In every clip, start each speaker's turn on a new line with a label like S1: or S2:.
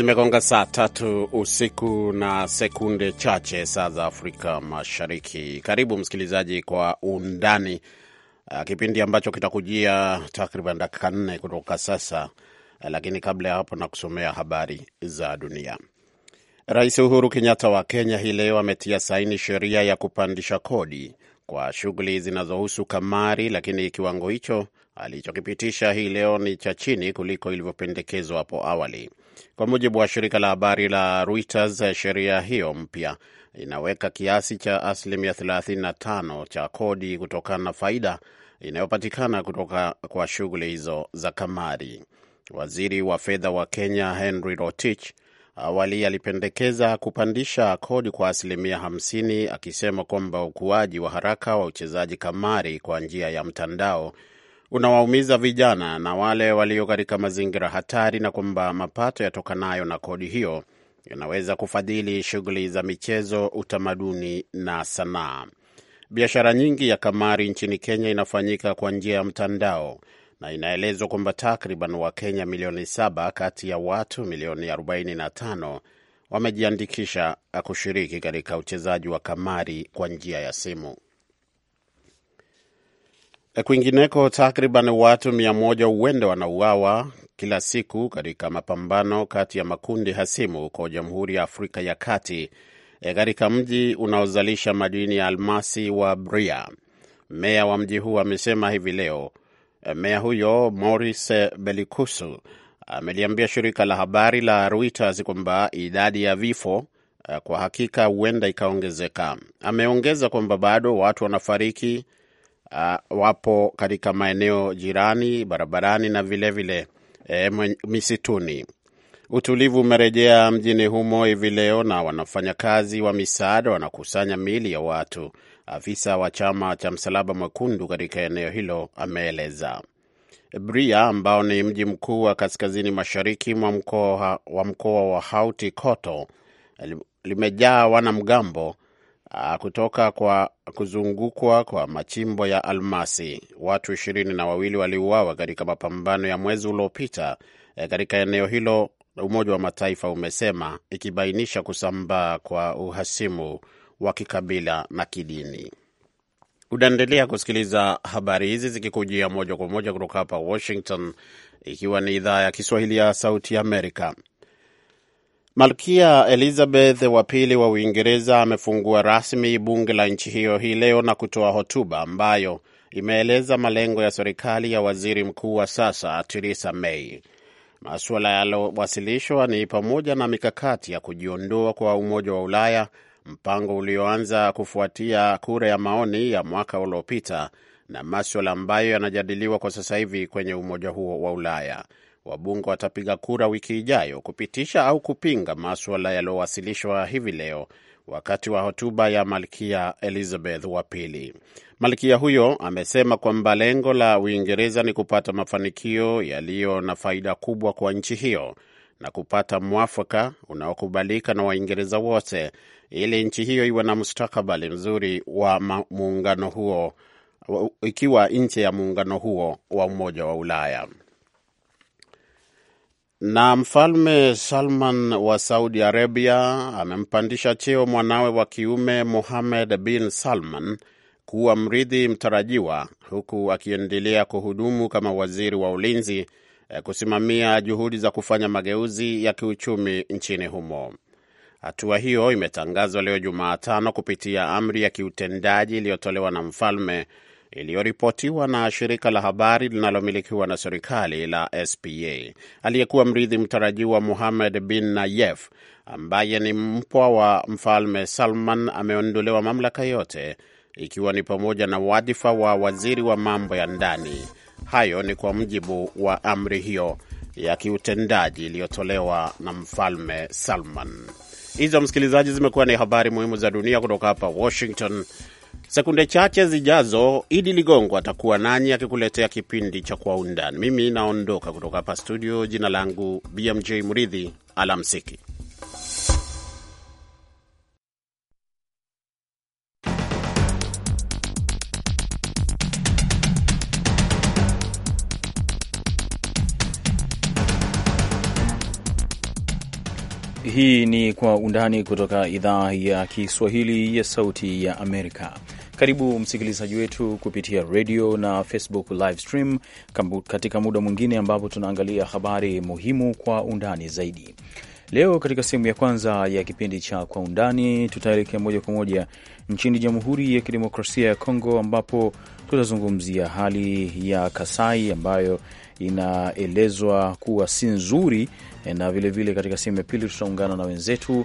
S1: Zimegonga saa tatu usiku na sekunde chache saa za Afrika Mashariki. Karibu msikilizaji kwa undani uh, kipindi ambacho kitakujia takriban dakika nne kutoka sasa uh, lakini kabla ya hapo na kusomea habari za dunia. Rais Uhuru Kenyatta wa Kenya hii leo ametia saini sheria ya kupandisha kodi kwa shughuli zinazohusu kamari, lakini kiwango hicho alichokipitisha hii leo ni cha chini kuliko ilivyopendekezwa hapo awali. Kwa mujibu wa shirika la habari la Reuters, sheria hiyo mpya inaweka kiasi cha asilimia 35 cha kodi kutokana na faida inayopatikana kutoka kwa shughuli hizo za kamari. Waziri wa fedha wa Kenya Henry Rotich awali alipendekeza kupandisha kodi kwa asilimia 50, akisema kwamba ukuaji wa haraka wa uchezaji kamari kwa njia ya mtandao unawaumiza vijana na wale walio katika mazingira hatari, na kwamba mapato yatokanayo na kodi hiyo yanaweza kufadhili shughuli za michezo, utamaduni na sanaa. Biashara nyingi ya kamari nchini Kenya inafanyika kwa njia ya mtandao na inaelezwa kwamba takriban Wakenya milioni saba kati ya watu milioni 45 wamejiandikisha kushiriki katika uchezaji wa kamari kwa njia ya simu. Eh, kwingineko, takriban watu mia moja huenda wanauawa kila siku katika mapambano kati ya makundi hasimu huko Jamhuri ya Afrika ya Kati eh, katika mji unaozalisha madini ya almasi wa Bria. Meya wa mji huu amesema hivi leo. Eh, meya huyo Maurice Belikusu ameliambia shirika la habari la Reuters kwamba idadi ya vifo kwa hakika huenda ikaongezeka. Ameongeza kwamba bado watu wanafariki uh, wapo katika maeneo jirani barabarani na vilevile vile, eh, misituni. Utulivu umerejea mjini humo hivi leo na wanafanyakazi wa misaada wanakusanya miili ya watu, afisa wa chama cha Msalaba Mwekundu katika eneo hilo ameeleza. Bria ambao ni mji mkuu wa kaskazini mashariki mwa mkoa wa Hauti Koto limejaa wanamgambo Ah, kutoka kwa kuzungukwa kwa machimbo ya almasi. Watu ishirini na wawili waliuawa katika mapambano ya mwezi uliopita eh, katika eneo hilo, Umoja wa Mataifa umesema, ikibainisha kusambaa kwa uhasimu wa kikabila na kidini. Unaendelea kusikiliza habari hizi zikikujia moja kwa moja kutoka hapa Washington, ikiwa ni idhaa ya Kiswahili ya Sauti Amerika. Malkia Elizabeth wa pili wa Uingereza amefungua rasmi bunge la nchi hiyo hii leo na kutoa hotuba ambayo imeeleza malengo ya serikali ya waziri mkuu wa sasa Theresa May. Masuala yalowasilishwa ni pamoja na mikakati ya kujiondoa kwa Umoja wa Ulaya, mpango ulioanza kufuatia kura ya maoni ya mwaka uliopita, na maswala ambayo yanajadiliwa kwa sasa hivi kwenye umoja huo wa Ulaya wabunge watapiga kura wiki ijayo kupitisha au kupinga maswala yaliyowasilishwa hivi leo wakati wa hotuba ya Malkia Elizabeth wa pili. Malkia huyo amesema kwamba lengo la Uingereza ni kupata mafanikio yaliyo na faida kubwa kwa nchi hiyo na kupata mwafaka unaokubalika na Waingereza wote ili nchi hiyo iwe na mustakabali mzuri wa muungano huo ikiwa nche ya muungano huo wa Umoja wa Ulaya. Na Mfalme Salman wa Saudi Arabia amempandisha cheo mwanawe wa kiume Mohammed bin Salman kuwa mrithi mtarajiwa huku akiendelea kuhudumu kama waziri wa ulinzi eh, kusimamia juhudi za kufanya mageuzi ya kiuchumi nchini humo. Hatua hiyo imetangazwa leo Jumatano kupitia amri ya kiutendaji iliyotolewa na mfalme iliyoripotiwa na shirika la habari linalomilikiwa na serikali la SPA. Aliyekuwa mrithi mtarajiwa muhamed bin Nayef ambaye ni mpwa wa mfalme Salman ameondolewa mamlaka yote, ikiwa ni pamoja na wadhifa wa waziri wa mambo ya ndani. Hayo ni kwa mujibu wa amri hiyo ya kiutendaji iliyotolewa na mfalme Salman. Hizo msikilizaji, zimekuwa ni habari muhimu za dunia kutoka hapa Washington. Sekunde chache zijazo, Idi Ligongo atakuwa nanyi akikuletea kipindi cha Kwa Undani. Mimi naondoka kutoka hapa studio. Jina langu BMJ Muridhi, alamsiki.
S2: Hii ni Kwa Undani kutoka idhaa ya Kiswahili ya Sauti ya Amerika. Karibu msikilizaji wetu kupitia radio na Facebook live stream katika muda mwingine ambapo tunaangalia habari muhimu kwa undani zaidi. Leo katika sehemu ya kwanza ya kipindi cha Kwa Undani tutaelekea moja kwa moja nchini Jamhuri ya Kidemokrasia ya Kongo, ambapo tutazungumzia hali ya Kasai ambayo inaelezwa kuwa si nzuri, eh, na vilevile katika sehemu ya pili tutaungana na wenzetu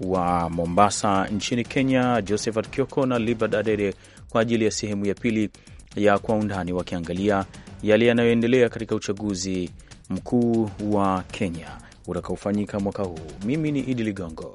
S2: wa Mombasa nchini Kenya, Josephat Kioko na Libert Adede kwa ajili ya sehemu ya pili ya Kwa Undani, wakiangalia yale yanayoendelea katika uchaguzi mkuu wa Kenya utakaofanyika mwaka huu. Mimi ni Idi Ligongo.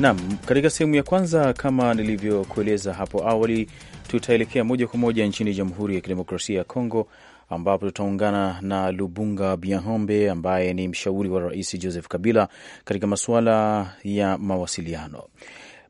S2: Naam, katika sehemu ya kwanza, kama nilivyokueleza hapo awali, tutaelekea moja kwa moja nchini Jamhuri ya Kidemokrasia ya Kongo ambapo tutaungana na Lubunga Biahombe ambaye ni mshauri wa Rais Joseph Kabila katika masuala ya mawasiliano.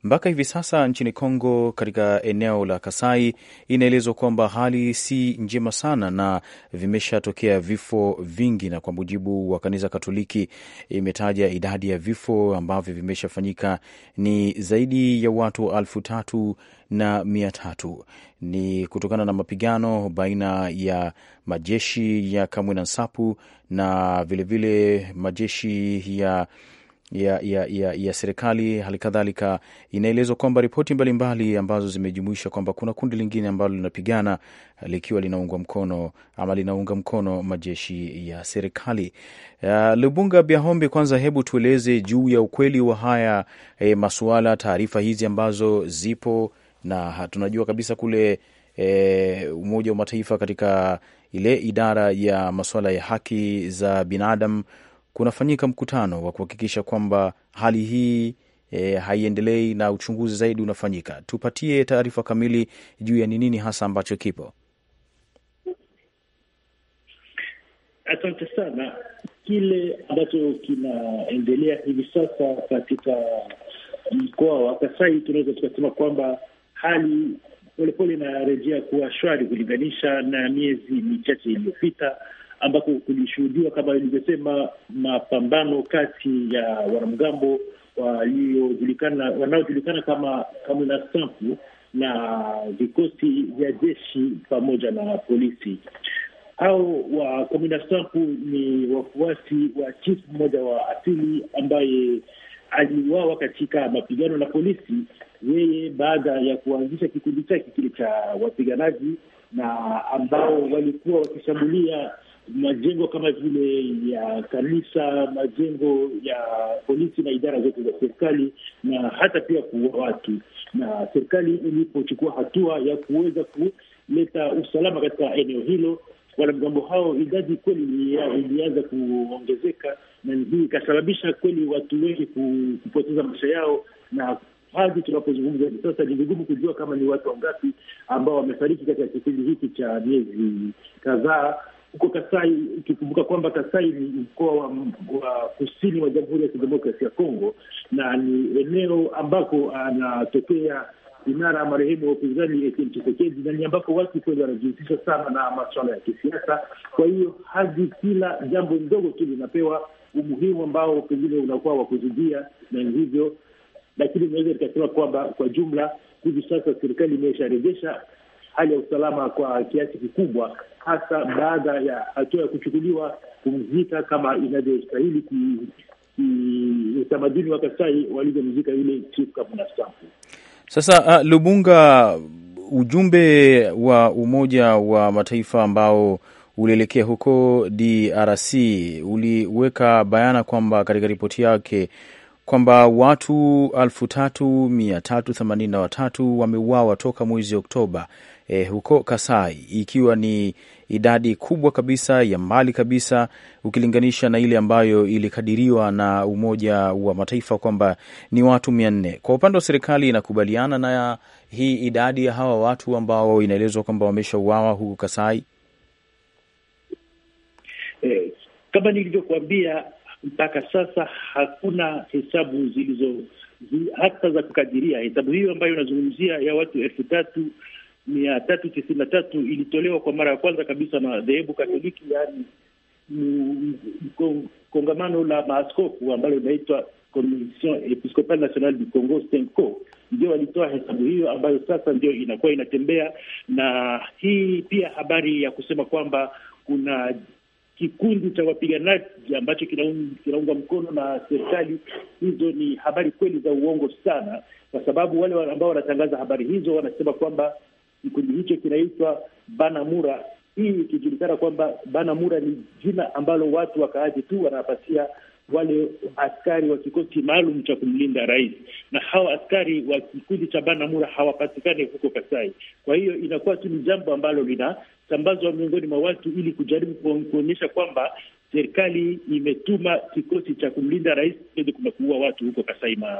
S2: Mpaka hivi sasa nchini Kongo, katika eneo la Kasai, inaelezwa kwamba hali si njema sana na vimeshatokea vifo vingi, na kwa mujibu wa kanisa Katoliki imetaja idadi ya vifo ambavyo vimeshafanyika ni zaidi ya watu alfu tatu na mia tatu ni kutokana na mapigano baina ya majeshi ya Kamwina Nsapu na vilevile vile majeshi ya ya, ya, ya, ya serikali. Hali kadhalika inaelezwa kwamba ripoti mbalimbali ambazo zimejumuisha kwamba kuna kundi lingine ambalo linapigana likiwa linaungwa mkono ama linaunga mkono majeshi ya serikali. Uh, Lubunga Biahombi, kwanza hebu tueleze juu ya ukweli wa haya e, masuala, taarifa hizi ambazo zipo na tunajua kabisa kule E, Umoja wa Mataifa katika ile idara ya masuala ya haki za binadamu kunafanyika mkutano wa kuhakikisha kwamba hali hii e, haiendelei na uchunguzi zaidi unafanyika. Tupatie taarifa kamili juu ya ni nini hasa ambacho kipo.
S3: Asante sana. Kile ambacho kinaendelea hivi sasa katika mkoa wa Kasai, tunaweza tukasema kwamba hali polepole inarejea kuwa shwari kulinganisha na miezi michache iliyopita ambako kulishuhudiwa kama ilivyosema mapambano kati ya wanamgambo waliojulikana wanaojulikana kama Kamwina Nsapu na vikosi vya jeshi pamoja na polisi. Hao wa Kamwina Nsapu ni wafuasi wa chief mmoja wa asili ambaye aliuawa katika mapigano na polisi, yeye baada ya kuanzisha kikundi chake kile cha wapiganaji na ambao walikuwa wakishambulia majengo kama vile ya kanisa, majengo ya polisi na idara zote za serikali, na hata pia kuua watu. Na serikali ilipochukua hatua ya kuweza kuleta usalama katika eneo hilo, wanamgambo hao, idadi kweli ilianza kuongezeka, na hii ikasababisha kweli watu wengi kupoteza maisha yao na hadi tunapozungumza hivi sasa ni vigumu kujua kama ni watu wangapi ambao wamefariki katika kipindi hiki cha miezi kadhaa, huko Kasai, ukikumbuka kwamba Kasai ni mkoa wa, wa kusini wa Jamhuri ya Kidemokrasi ya Kongo na ni eneo ambako anatokea vinara marehemu wa upinzani Etienne Tshisekedi na ni ambako watu kweli wanajihusisha sana na maswala ya kisiasa. Kwa hiyo hadi kila jambo ndogo tu linapewa umuhimu ambao pengine unakuwa wa kuzidia, na hivyo lakini inaweza likasema kwamba kwa jumla hivi sasa serikali imesharejesha hali ya usalama kwa kiasi kikubwa, hasa baada ya hatua ya kuchukuliwa kumzika kama inavyostahili utamaduni wa Kasai walivyomzika yule chifu
S2: Sasa uh, Lubunga, ujumbe wa Umoja wa Mataifa ambao ulielekea huko DRC uliweka bayana kwamba katika ripoti yake kwamba watu elfu tatu mia tatu themanini na watatu wameuawa toka mwezi Oktoba e, huko Kasai, ikiwa ni idadi kubwa kabisa ya mbali kabisa ukilinganisha na ile ambayo ilikadiriwa na Umoja wa Mataifa kwamba ni watu mia nne. Kwa upande wa serikali inakubaliana na hii idadi ya hawa watu ambao inaelezwa kwamba wameshauawa huko Kasai.
S3: Eh, kama nilivyokuambia, mpaka sasa hakuna hesabu zilizo zi, hata za kukadiria hesabu hiyo ambayo unazungumzia ya watu elfu tatu mia tatu tisini na tatu ilitolewa kwa mara ya kwanza kabisa na dhehebu Katoliki, yaani kongamano la maaskofu ambalo linaitwa Commission Episcopale Nationale du Congo CENCO, ndio walitoa hesabu hiyo ambayo sasa ndio inakuwa inatembea. Na hii pia habari ya kusema kwamba kuna kikundi cha wapiganaji ambacho kinaungwa mkono na serikali, hizo ni habari kweli za uongo sana, kwa sababu wale ambao wanatangaza habari hizo wanasema kwamba Kikundi hicho kinaitwa Banamura, hii ikijulikana kwamba Banamura ni jina ambalo watu wakaaji tu wanapatia wale askari wa kikosi maalum cha kumlinda rais, na hawa askari wa kikundi cha Banamura hawapatikani huko Kasai. Kwa hiyo inakuwa tu ni jambo ambalo linasambazwa miongoni mwa watu ili kujaribu kuonyesha kwamba serikali imetuma kikosi cha kumlinda rais kiweze kuua watu huko Kasai, ma,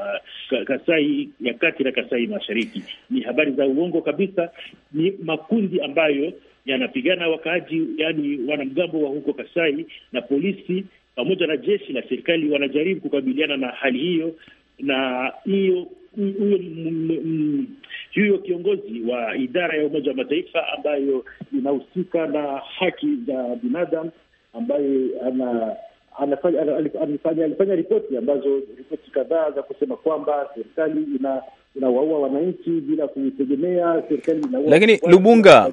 S3: Kasai ya kati na Kasai Mashariki. Ni habari za uongo kabisa, ni makundi ambayo yanapigana wakaaji, yani wanamgambo wa huko Kasai, na polisi pamoja na jeshi la serikali wanajaribu kukabiliana na hali hiyo na hiyo huyo kiongozi wa idara ya Umoja wa Mataifa ambayo inahusika na haki za binadamu ambaye ana anafanya alifanya ripoti ambazo ripoti kadhaa za kusema kwamba serikali ina inawaua wananchi bila kuitegemea serikali.
S2: Lakini Lubunga,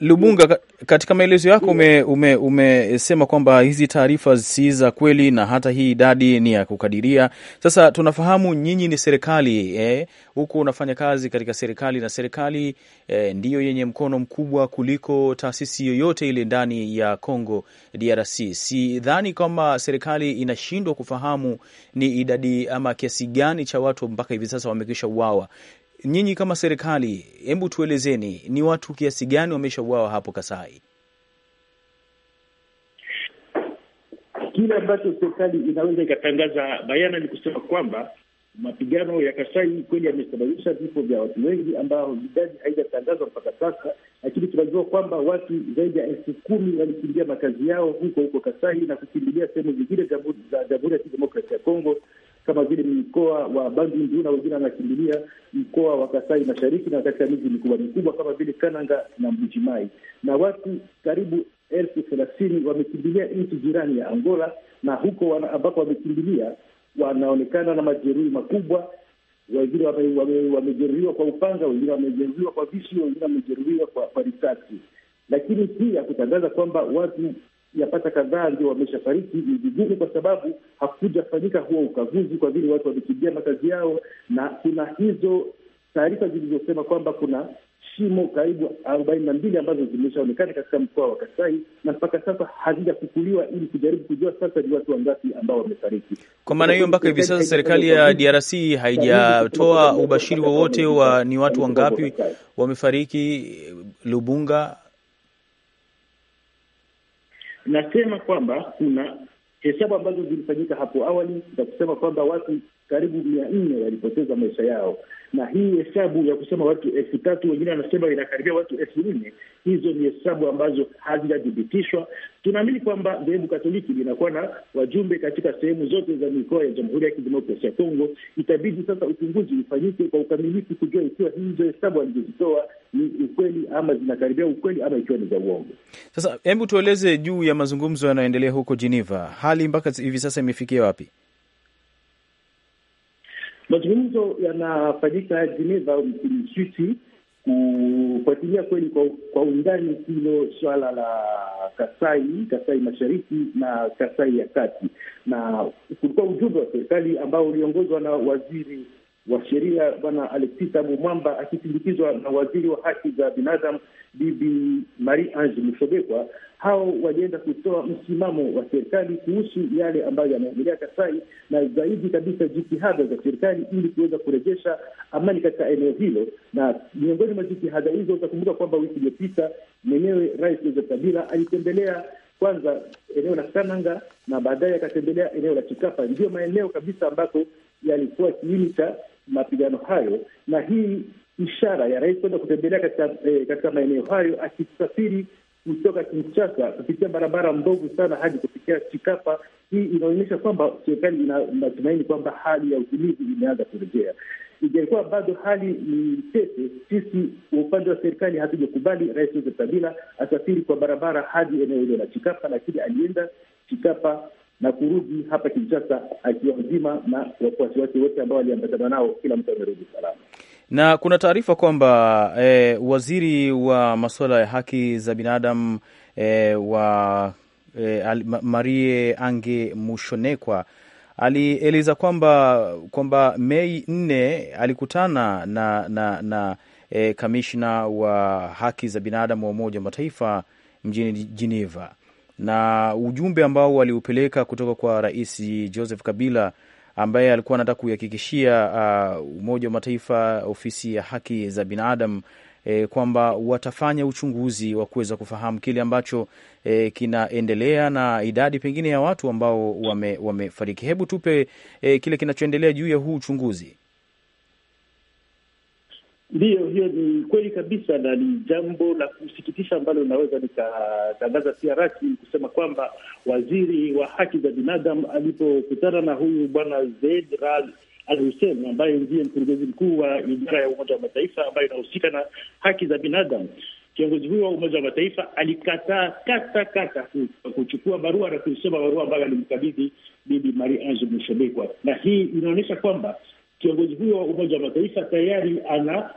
S2: Lubunga, katika maelezo yako umesema ume, ume kwamba hizi taarifa si za kweli na hata hii idadi ni ya kukadiria. Sasa tunafahamu nyinyi ni serikali eh, huko, unafanya kazi katika serikali na serikali eh, ndiyo yenye mkono mkubwa kuliko taasisi yoyote ile ndani ya Congo DRC. Sidhani kwamba serikali inashindwa kufahamu ni idadi ama kiasi gani cha watu mpaka hivi sasa wamekisha wameuawa. Nyinyi kama serikali, hebu tuelezeni ni watu kiasi gani wameshauawa hapo Kasai?
S3: Kile ambacho serikali inaweza ikatangaza bayana ni kusema kwamba mapigano ya Kasai kweli yamesababisha vifo vya watu wengi ambao idadi haijatangazwa mpaka sasa, lakini tunajua kwamba watu zaidi ya elfu kumi walikimbia makazi yao huko huko Kasai na kukimbilia sehemu zingine za Jamhuri ya Kidemokrasia ya Kongo kama vile mkoa wa Bandundu na wengine wanakimbilia mkoa wa Kasai Mashariki na katika miji mikubwa mikubwa kama vile Kananga na Mbujimayi, na watu karibu elfu thelathini wamekimbilia nchi jirani ya Angola, na huko ambako wamekimbilia wanaonekana na majeruhi makubwa wengine wamejeruhiwa wame, wame kwa upanga, wengine wamejeruhiwa kwa visu, wengine wamejeruhiwa kwa risasi. Lakini pia kutangaza kwamba watu yapata kadhaa ndio wameshafariki. Ni vigumu kwa sababu hakujafanyika huo ukaguzi, kwa vile watu wamekimbia makazi yao, na kuna hizo taarifa zilizosema kwamba kuna shimo karibu arobaini na mbili ambazo zimeshaonekana katika mkoa wa Kasai na mpaka sasa hazijafukuliwa ili kujaribu kujua sasa ni watu wangapi ambao wamefariki. Kwa maana hiyo, mpaka hivi sasa serikali ya
S2: DRC haijatoa ubashiri wowote wa ni watu wangapi wamefariki Lubunga nasema
S3: kwamba kuna hesabu ambazo zilifanyika hapo awali za kusema kwamba watu karibu mia nne walipoteza maisha yao na hii hesabu ya kusema watu elfu tatu wengine wanasema inakaribia watu elfu nne hizo ni hesabu ambazo hazijathibitishwa. Tunaamini kwamba dhehebu Katoliki linakuwa na wajumbe katika sehemu zote za mikoa ya Jamhuri ya Kidemokrasia ya Kongo. Itabidi sasa uchunguzi ufanyike kwa ukamilifu kujua ikiwa hizo hesabu alizozitoa ni ukweli ama zinakaribia ukweli ama ikiwa ni za uongo. Sasa
S2: hebu tueleze juu ya mazungumzo yanayoendelea huko Geneva, hali mpaka hivi sasa imefikia wapi?
S3: Mazungumzo yanafanyika Geneva mjini Uswisi kufuatilia kweli kwa, kwa undani hilo swala la Kasai, Kasai mashariki na Kasai ya kati, na kulikuwa ujumbe wa serikali ambao uliongozwa na waziri wa sheria Bwana Alexis Abu Mwamba akisindikizwa na waziri wa haki za binadamu Bibi Marie Ange Mushobekwa. Hao walienda kutoa msimamo wa serikali kuhusu yale ambayo yanaendelea Kasai na zaidi kabisa jitihada za serikali ili kuweza kurejesha amani katika eneo hilo. Na miongoni mwa jitihada hizo, utakumbuka kwamba wiki iliyopita mwenyewe Rais Joseph Kabila alitembelea kwanza eneo la Kananga na baadaye akatembelea eneo la Chikapa, ndiyo maeneo kabisa ambako yalikuwa kiini cha mapigano hayo, na hii ishara ya rais kwenda kutembelea katika eh, katika maeneo hayo akisafiri kutoka Kinshasa kupitia barabara mbovu sana hadi kufikia Chikapa. Hii inaonyesha kwamba serikali ina matumaini kwamba hali ya utulivu imeanza kurejea. Ingekuwa bado hali ni tete, sisi upande wa serikali hatujakubali Rais Joseph Kabila asafiri kwa barabara hadi eneo hilo la Chikapa, lakini alienda Chikapa na kurudi hapa Kinshasa akiwa mzima na wafuasi wake wote ambao waliambatana nao, kila mtu amerudi salama.
S2: Na kuna taarifa kwamba eh, waziri wa masuala ya haki za binadamu eh, wa eh, Marie Ange Mushonekwa alieleza kwamba kwamba Mei nne alikutana na na na eh, kamishna wa haki za binadamu wa Umoja wa Mataifa mjini Geneva na ujumbe ambao waliupeleka kutoka kwa Rais Joseph Kabila ambaye alikuwa anataka kuihakikishia uh, Umoja wa Mataifa, ofisi ya haki za binadamu E, kwamba watafanya uchunguzi wa kuweza kufahamu kile ambacho e, kinaendelea na idadi pengine ya watu ambao wame, wamefariki. Hebu tupe e, kile kinachoendelea juu ya huu uchunguzi.
S3: Ndiyo, hiyo ni kweli kabisa, na ni jambo la kusikitisha ambalo linaweza likatangaza pia rasmi kusema kwamba waziri wa haki za binadamu alipokutana na huyu bwana Zeid Raad Al Hussein ambaye ndiye mkurugenzi mkuu wa idara ya Umoja wa Mataifa ambayo inahusika na haki za binadamu, kiongozi huyo wa Umoja wa Mataifa alikataa kata kata kuchukua barua na kuisoma barua ambayo alimkabidhi Bibi Marie Ange Mshobekwa, na hii inaonyesha kwamba kiongozi huyo wa Umoja wa Mataifa tayari ana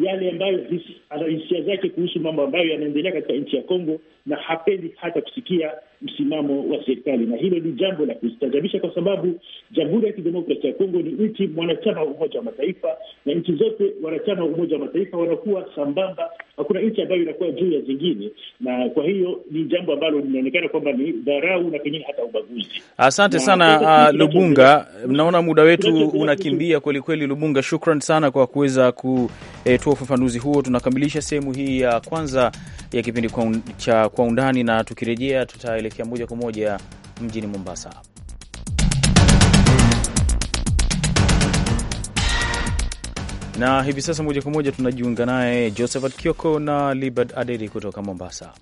S3: yale ambayo ana hisia zake kuhusu mambo ambayo yanaendelea katika nchi ya Kongo, na hapendi hata kusikia msimamo wa serikali, na hilo ni jambo la kustajabisha, kwa sababu Jamhuri ya Kidemokrasia ya Kongo ni nchi mwanachama wa Umoja wa Mataifa, na nchi zote wanachama wa Umoja wa Mataifa wanakuwa sambamba, hakuna nchi ambayo inakuwa juu ya zingine, na kwa hiyo ni jambo ambalo linaonekana kwamba ni dharau na pengine hata ubaguzi.
S2: Asante na sana uh, Lubunga, naona muda wetu unakimbia kwelikweli. Lubunga, shukran sana kwa kuweza kutoa eh, ufafanuzi huo. Tunakamilisha sehemu hii ya kwanza ya kipindi kwa un, cha kwa undani, na tukirejea tuta tunaelekea moja kwa moja mjini Mombasa. Na hivi sasa moja kwa moja tunajiunga naye Josephat Kioko na Libert Aderi kutoka Mombasa.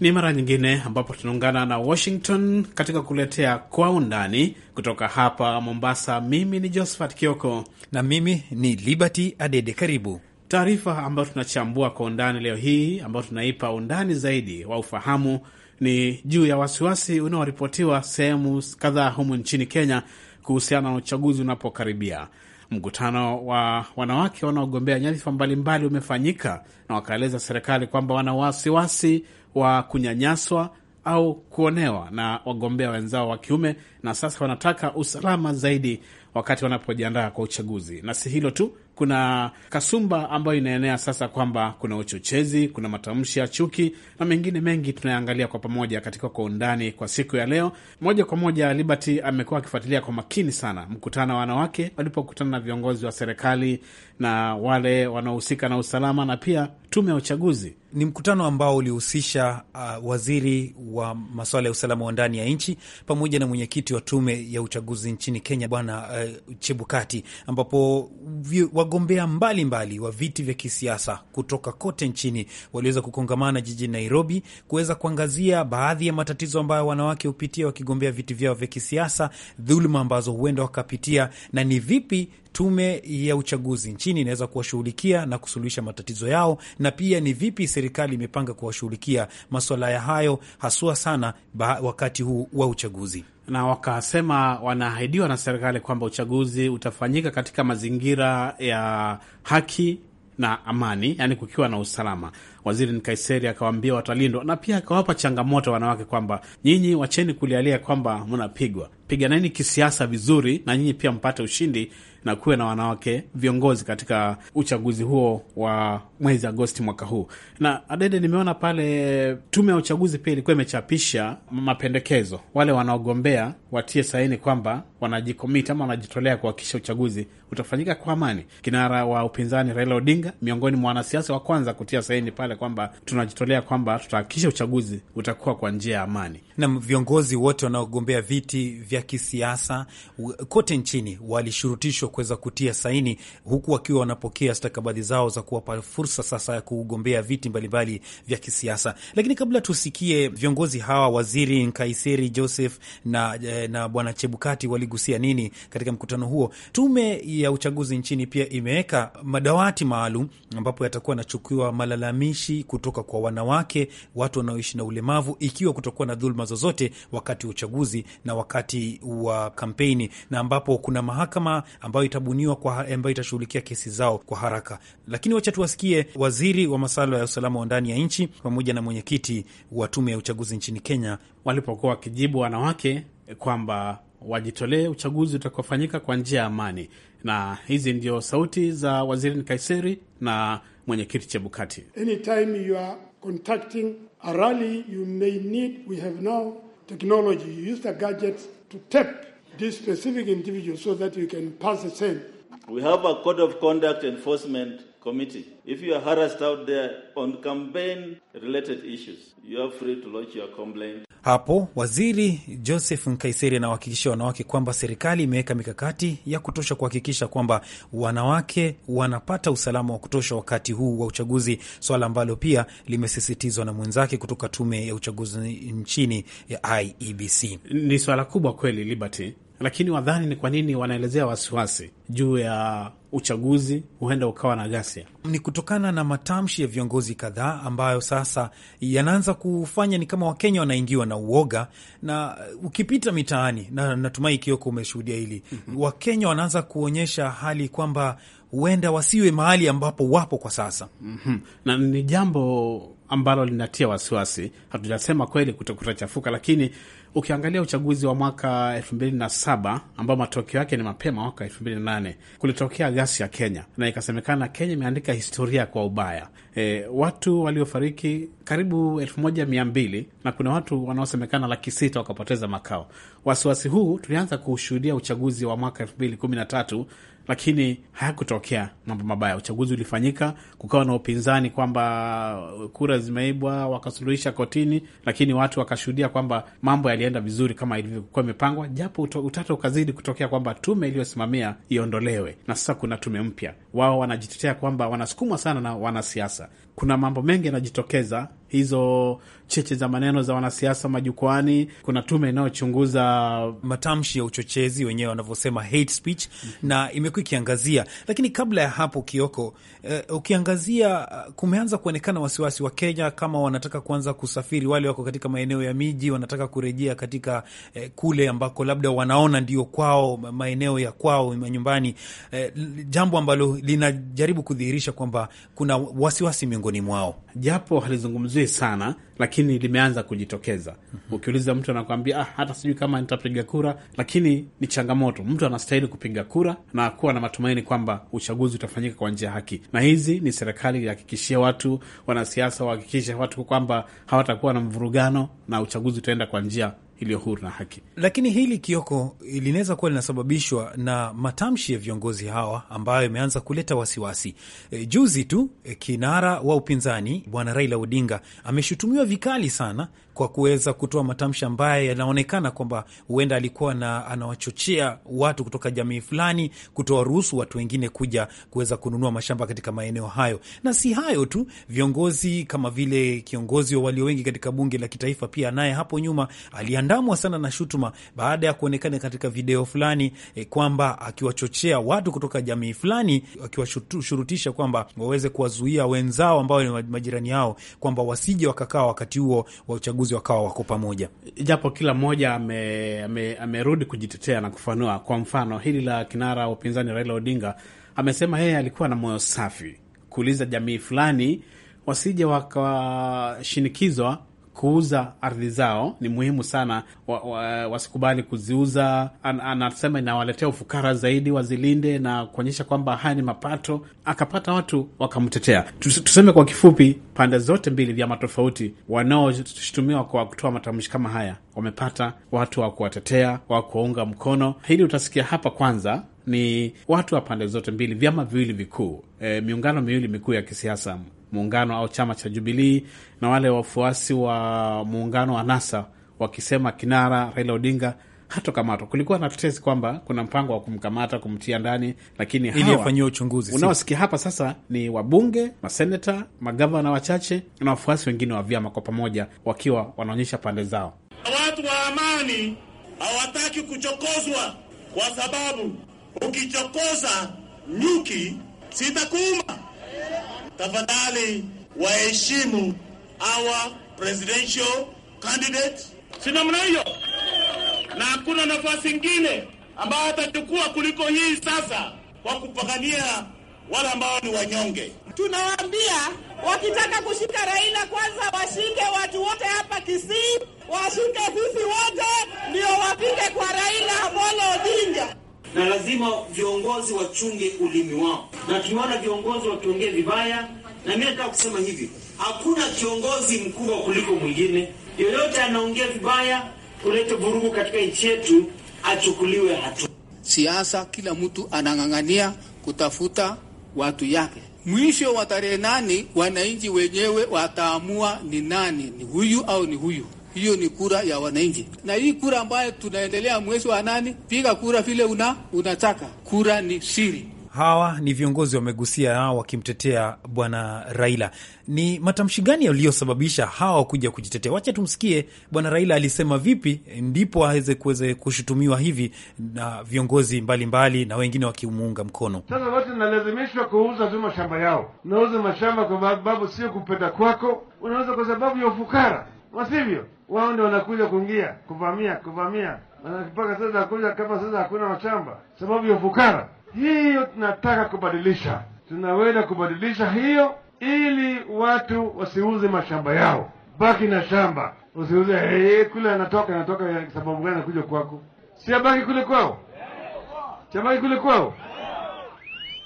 S4: Ni mara nyingine ambapo tunaungana na Washington katika kuletea kwa undani kutoka hapa Mombasa. Mimi ni Josephat Kioko na mimi ni Liberty Adede. Karibu taarifa ambayo tunachambua kwa undani leo hii, ambayo tunaipa undani zaidi wa ufahamu ni juu ya wasiwasi unaoripotiwa sehemu kadhaa humu nchini Kenya kuhusiana na uchaguzi unapokaribia. Mkutano wa wanawake wanaogombea nyadhifa mbalimbali umefanyika na wakaeleza serikali kwamba wana wasiwasi wa kunyanyaswa au kuonewa na wagombea wenzao wa kiume, na sasa wanataka usalama zaidi wakati wanapojiandaa kwa uchaguzi. Na si hilo tu, kuna kasumba ambayo inaenea sasa kwamba kuna uchochezi, kuna matamshi ya chuki na mengine mengi, Tunayangalia kwa pamoja katika Kwa Undani kwa siku ya leo. Moja kwa moja, Liberty amekuwa akifuatilia kwa makini sana mkutano wa wanawake walipokutana na viongozi wa serikali na wale wanaohusika na usalama na pia tume ya
S5: uchaguzi. Ni mkutano ambao ulihusisha uh, waziri wa masuala ya usalama wa ndani ya nchi pamoja na mwenyekiti wa tume ya uchaguzi nchini Kenya Bwana uh, Chebukati, ambapo wagombea mbalimbali wa viti vya kisiasa kutoka kote nchini waliweza kukongamana jijini Nairobi kuweza kuangazia baadhi ya matatizo ambayo wanawake hupitia wakigombea viti vyao vya kisiasa, dhuluma ambazo huenda wakapitia na ni vipi tume ya uchaguzi nchini inaweza kuwashughulikia na kusuluhisha matatizo yao, na pia ni vipi serikali imepanga kuwashughulikia masuala ya hayo haswa sana wakati huu wa uchaguzi na wakasema wanaahidiwa na serikali kwamba uchaguzi utafanyika
S4: katika mazingira ya haki na amani, yani kukiwa na usalama. Waziri Nkaiseri akawaambia watalindwa, na pia akawapa changamoto wanawake kwamba nyinyi wacheni kulialia kwamba mnapigwa, piganeni kisiasa vizuri, na nyinyi pia mpate ushindi na kuwe na wanawake viongozi katika uchaguzi huo wa mwezi Agosti mwaka huu. Na Adede, nimeona pale tume ya uchaguzi pia ilikuwa imechapisha mapendekezo, wale wanaogombea watie saini kwamba wanajikomiti ama wanajitolea kuhakikisha uchaguzi utafanyika kwa amani. Kinara wa upinzani Raila Odinga miongoni mwa wanasiasa wa kwanza kutia saini pale kwamba tunajitolea kwamba tutahakikisha uchaguzi utakuwa kwa njia ya amani.
S5: Na viongozi wote wanaogombea viti vya kisiasa kote nchini walishurutishwa kuweza kutia saini, huku wakiwa wanapokea stakabadhi zao za kuwapa fursa sasa ya kugombea viti mbalimbali vya kisiasa. Lakini kabla tusikie viongozi hawa, waziri Nkaiseri Joseph na, eh, na bwana Chebukati waligusia nini katika mkutano huo, tume ya uchaguzi nchini pia imeweka madawati maalum ambapo yatakuwa yanachukiwa malalamishi kutoka kwa wanawake, watu wanaoishi na ulemavu, ikiwa kutokuwa na dhuluma hujuma zozote wakati wa uchaguzi na wakati wa kampeni, na ambapo kuna mahakama ambayo itabuniwa kwa ambayo itashughulikia kesi zao kwa haraka. Lakini wacha tuwasikie waziri wa masuala ya usalama wa ndani ya nchi pamoja na mwenyekiti wa tume ya uchaguzi nchini Kenya walipokuwa wakijibu
S4: wanawake kwamba wajitolee uchaguzi utakaofanyika kwa njia ya amani. Na hizi ndio sauti za waziri Nkaiseri na mwenyekiti Chebukati. Anytime you are contacting a rally you may need. We have now technology. You use the gadgets to tap this specific individual so that you can pass the same.
S2: We have a code of conduct enforcement committee. If you are harassed out there on campaign related issues, you are free to lodge your complaint.
S5: Hapo waziri Joseph Nkaiseri anawahakikishia wanawake kwamba serikali imeweka mikakati ya kutosha kuhakikisha kwamba wanawake wanapata usalama wa kutosha wakati huu wa uchaguzi, swala ambalo pia limesisitizwa na mwenzake kutoka tume ya uchaguzi nchini ya IEBC. Ni swala kubwa kweli, Liberty, lakini wadhani ni kwa nini wanaelezea wasiwasi juu ya uchaguzi huenda ukawa na ghasia. Ni kutokana na matamshi ya viongozi kadhaa ambayo sasa yanaanza kufanya ni kama Wakenya wanaingiwa na uoga, na ukipita mitaani, na natumai Kioko umeshuhudia hili mm -hmm. Wakenya wanaanza kuonyesha hali kwamba huenda wasiwe mahali ambapo wapo kwa sasa. mm -hmm. Na ni
S4: jambo ambalo linatia wasiwasi. Hatujasema kweli kutachafuka, lakini ukiangalia uchaguzi wa mwaka elfu mbili na saba ambao matokeo yake ni mapema mwaka elfu mbili na nane kulitokea ghasia ya Kenya na ikasemekana Kenya imeandika historia kwa ubaya. E, watu waliofariki karibu elfu moja mia mbili na kuna watu wanaosemekana laki sita wakapoteza makao. Wasiwasi huu tulianza kuushuhudia uchaguzi wa mwaka elfu mbili kumi na tatu lakini hayakutokea mambo mabaya. Uchaguzi ulifanyika, kukawa na upinzani kwamba uh, kura zimeibwa, wakasuluhisha kotini, lakini watu wakashuhudia kwamba mambo yalienda vizuri kama ilivyokuwa imepangwa, japo utata ukazidi kutokea kwamba tume iliyosimamia iondolewe, na sasa kuna tume mpya. Wao wanajitetea kwamba wanasukumwa sana na wanasiasa kuna mambo mengi yanajitokeza, hizo cheche za maneno za wanasiasa majukwani. Kuna tume
S5: inayochunguza matamshi ya uchochezi wenyewe wanavyosema hate speech, mm -hmm. na imekuwa ikiangazia. Lakini kabla ya hapo, Kioko, uh, ukiangazia eh, kumeanza kuonekana wasiwasi wa Kenya kama wanataka kuanza kusafiri, wale wako katika maeneo ya miji wanataka kurejea katika uh, kule ambako labda wanaona ndio kwao, maeneo ya kwao manyumbani, uh, jambo ambalo linajaribu kudhihirisha kwamba kuna wasiwasi miongoni mwao,
S4: japo halizungumziwi sana, lakini limeanza kujitokeza. Mhm. Ukiuliza mtu anakuambia ah, hata sijui kama nitapiga kura, lakini ni changamoto. Mtu anastahili kupiga kura na kuwa na matumaini kwamba uchaguzi utafanyika kwa njia haki, na hizi ni serikali ihakikishie watu, wanasiasa wahakikishe watu kwamba hawatakuwa na mvurugano na uchaguzi utaenda kwa njia iliyo huru na haki.
S5: Lakini hili Kioko, linaweza kuwa linasababishwa na matamshi ya viongozi hawa ambayo imeanza kuleta wasiwasi e, juzi tu e, kinara wa upinzani Bwana Raila Odinga ameshutumiwa vikali sana kwa kuweza kutoa matamshi ambaye yanaonekana kwamba huenda alikuwa na, anawachochea watu kutoka jamii fulani kutoa ruhusu watu wengine kuja kuweza kununua mashamba katika maeneo hayo. Na si hayo tu, viongozi kama vile kiongozi wa walio wengi katika bunge la kitaifa pia naye hapo nyuma aliandamwa sana na shutuma baada ya kuonekana katika video fulani e, kwamba akiwachochea watu kutoka jamii fulani akiwashurutisha kwamba waweze kuwazuia wenzao ambao ni majirani yao kwamba wasije wakakaa wakati huo wa uchaguzi wachambuzi wakawa wako pamoja, japo kila mmoja
S4: amerudi ame, ame kujitetea na kufanua. Kwa mfano hili la kinara wa upinzani Raila Odinga amesema yeye alikuwa na moyo safi kuuliza jamii fulani wasije wakashinikizwa kuuza ardhi zao ni muhimu sana wa, wa, wasikubali kuziuza. An, anasema inawaletea ufukara zaidi, wazilinde na kuonyesha kwamba haya ni mapato, akapata watu wakamtetea. Tuseme kwa kifupi, pande zote mbili, vyama tofauti, wanaoshutumiwa kwa kutoa matamshi kama haya wamepata watu wa kuwatetea, wa kuwaunga mkono. Hili utasikia hapa kwanza ni watu wa pande zote mbili, vyama viwili vikuu, e, miungano miwili mikuu ya kisiasa muungano au chama cha Jubilii na wale wafuasi wa muungano wa NASA wakisema kinara Raila Odinga hatokamatwa. Kulikuwa na tetesi kwamba kuna mpango wa kumkamata kumtia ndani, lakini ili afanyiwe uchunguzi. Unaosikia hapa sasa ni wabunge, maseneta, magavana wachache na wafuasi wengine wa vyama kwa pamoja, wakiwa wanaonyesha pande zao. Watu
S3: wa amani hawataki kuchokozwa, kwa sababu ukichokoza nyuki sitakuuma tafadhali waheshimu our presidential candidate. Si namna hiyo, na hakuna nafasi ingine ambayo atachukua kuliko hii sasa,
S5: kwa kupagania
S3: wale ambao ni wanyonge.
S5: Tunawaambia wakitaka kushika Raila kwanza washike watu wote hapa Kisii, washike sisi wote,
S4: ndio wapige kwa Raila Amolo Odinga
S3: na lazima viongozi wachunge ulimi wao, na tumeona viongozi wakiongea vibaya, na mimi nataka kusema hivi, hakuna kiongozi mkubwa kuliko mwingine. Yoyote anaongea vibaya kuleta vurugu katika nchi
S5: yetu achukuliwe hatua. Siasa kila mtu anang'ang'ania kutafuta watu yake. Mwisho wa tarehe nani wananchi wenyewe wataamua ni nani, ni huyu au ni huyu hiyo ni kura ya wananchi, na hii kura ambayo tunaendelea mwezi wa nani piga kura vile una unataka. Kura ni siri. Hawa ni viongozi wamegusia hawa wakimtetea bwana Raila. Ni matamshi gani yaliyosababisha hawa kuja kujitetea? Wacha tumsikie bwana Raila alisema vipi, ndipo aweze kuweze kushutumiwa hivi na viongozi mbalimbali mbali, na wengine wakimuunga mkono.
S3: Sasa wote nalazimishwa kuuza tu mashamba yao, unauza mashamba kwa sababu sio kupenda kwako, unauza kwa sababu ya ufukara wasivyo wao ndio wanakuja kuingia kuvamia kuvamia mpaka sasa kuja kama sasa hakuna mashamba sababu ya fukara hiyo tunataka kubadilisha tunaweza kubadilisha hiyo ili watu wasiuze mashamba yao baki na shamba usiuze hey, eh, kule anatoka anatoka sababu gani anakuja kwako si abaki kule kwao chabaki kule kwao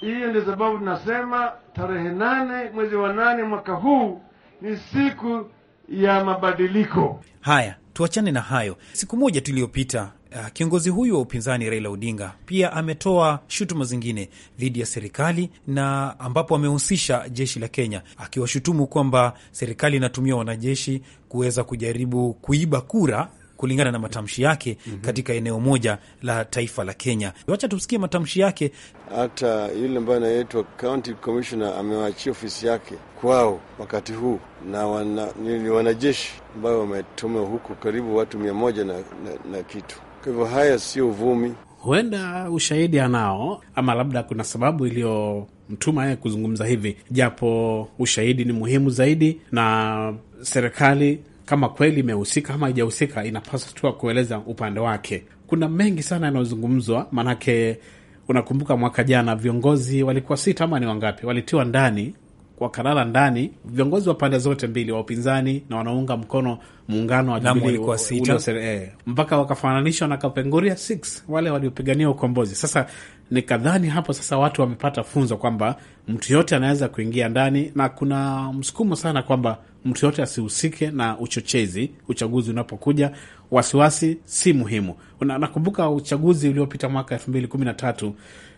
S3: hiyo ndio sababu tunasema tarehe nane mwezi wa nane mwaka huu ni siku
S5: ya mabadiliko haya. Tuachane na hayo. Siku moja tu iliyopita, uh, kiongozi huyu wa upinzani Raila Odinga pia ametoa shutuma zingine dhidi ya serikali na ambapo amehusisha jeshi la Kenya, akiwashutumu kwamba serikali inatumia wanajeshi kuweza kujaribu kuiba kura kulingana na matamshi yake mm -hmm. katika eneo moja la taifa la Kenya. Wacha tusikie matamshi yake.
S1: Hata yule ambaye anaitwa county commissioner amewaachia ofisi yake kwao wakati huu na wana, ni wanajeshi ambayo wametuma huku karibu watu mia moja na, na, na kitu. Kwa hivyo haya sio uvumi,
S4: huenda ushahidi anao ama labda kuna sababu mtuma yeye kuzungumza hivi, japo ushahidi ni muhimu zaidi na serikali kama kweli imehusika ama haijahusika, inapaswa tu kueleza upande wake. Kuna mengi sana yanayozungumzwa, maanake unakumbuka mwaka jana viongozi walikuwa sita ama ni wangapi walitiwa ndani, wakalala ndani, viongozi wa pande zote mbili, wa upinzani na wanaunga mkono muungano wa Jubilee, eh, mpaka wakafananishwa na Kapenguria 6 wale waliopigania ukombozi. Sasa nikadhani hapo sasa watu wamepata funzo kwamba mtu yote anaweza kuingia ndani, na kuna msukumo sana kwamba mtu yote asihusike na uchochezi uchaguzi unapokuja. Wasiwasi si muhimu. Nakumbuka uchaguzi uliopita mwaka elfu mbili kumi na tatu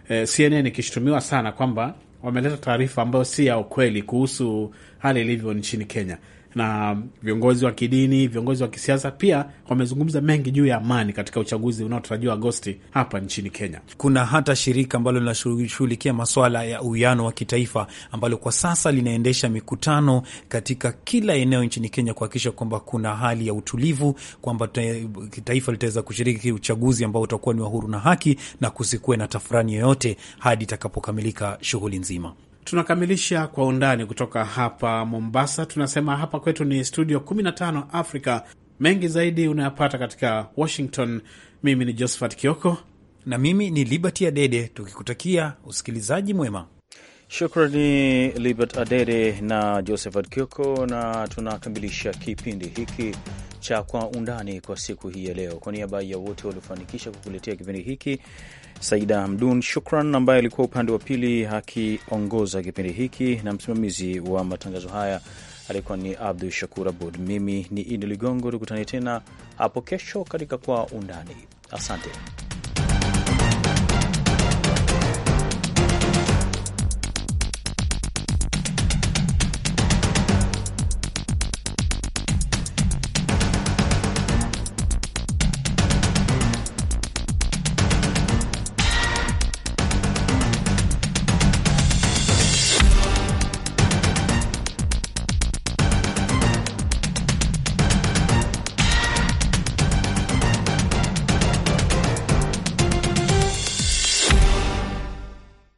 S4: eh, CNN ikishutumiwa sana kwamba wameleta taarifa ambayo si ya ukweli kuhusu hali ilivyo nchini Kenya na viongozi wa kidini, viongozi wa kisiasa pia wamezungumza mengi juu ya amani katika uchaguzi unaotarajiwa Agosti hapa nchini Kenya.
S5: Kuna hata shirika ambalo linashughulikia maswala ya uwiano wa kitaifa ambalo kwa sasa linaendesha mikutano katika kila eneo nchini Kenya kuhakikisha kwamba kuna hali ya utulivu, kwamba taifa litaweza kushiriki uchaguzi ambao utakuwa ni wa huru na haki na kusikuwe na tafurani yoyote hadi itakapokamilika shughuli nzima.
S4: Tunakamilisha kwa undani kutoka hapa Mombasa. Tunasema hapa kwetu ni studio 15 Africa. Mengi zaidi unayapata katika
S5: Washington. Mimi ni Josephat Kioko na mimi ni Liberty Adede, tukikutakia usikilizaji mwema.
S2: Shukrani Libert Adede na Josephat Kioko, na tunakamilisha kipindi hiki cha Kwa Undani kwa siku hii ya leo. Kwa niaba ya wote waliofanikisha kukuletea kipindi hiki, Saida Hamdun Shukran ambaye alikuwa upande wa pili akiongoza kipindi hiki, na msimamizi wa matangazo haya alikuwa ni Abdu Shakur Abud. Mimi ni Idi Ligongo, tukutane tena hapo kesho katika Kwa Undani. Asante.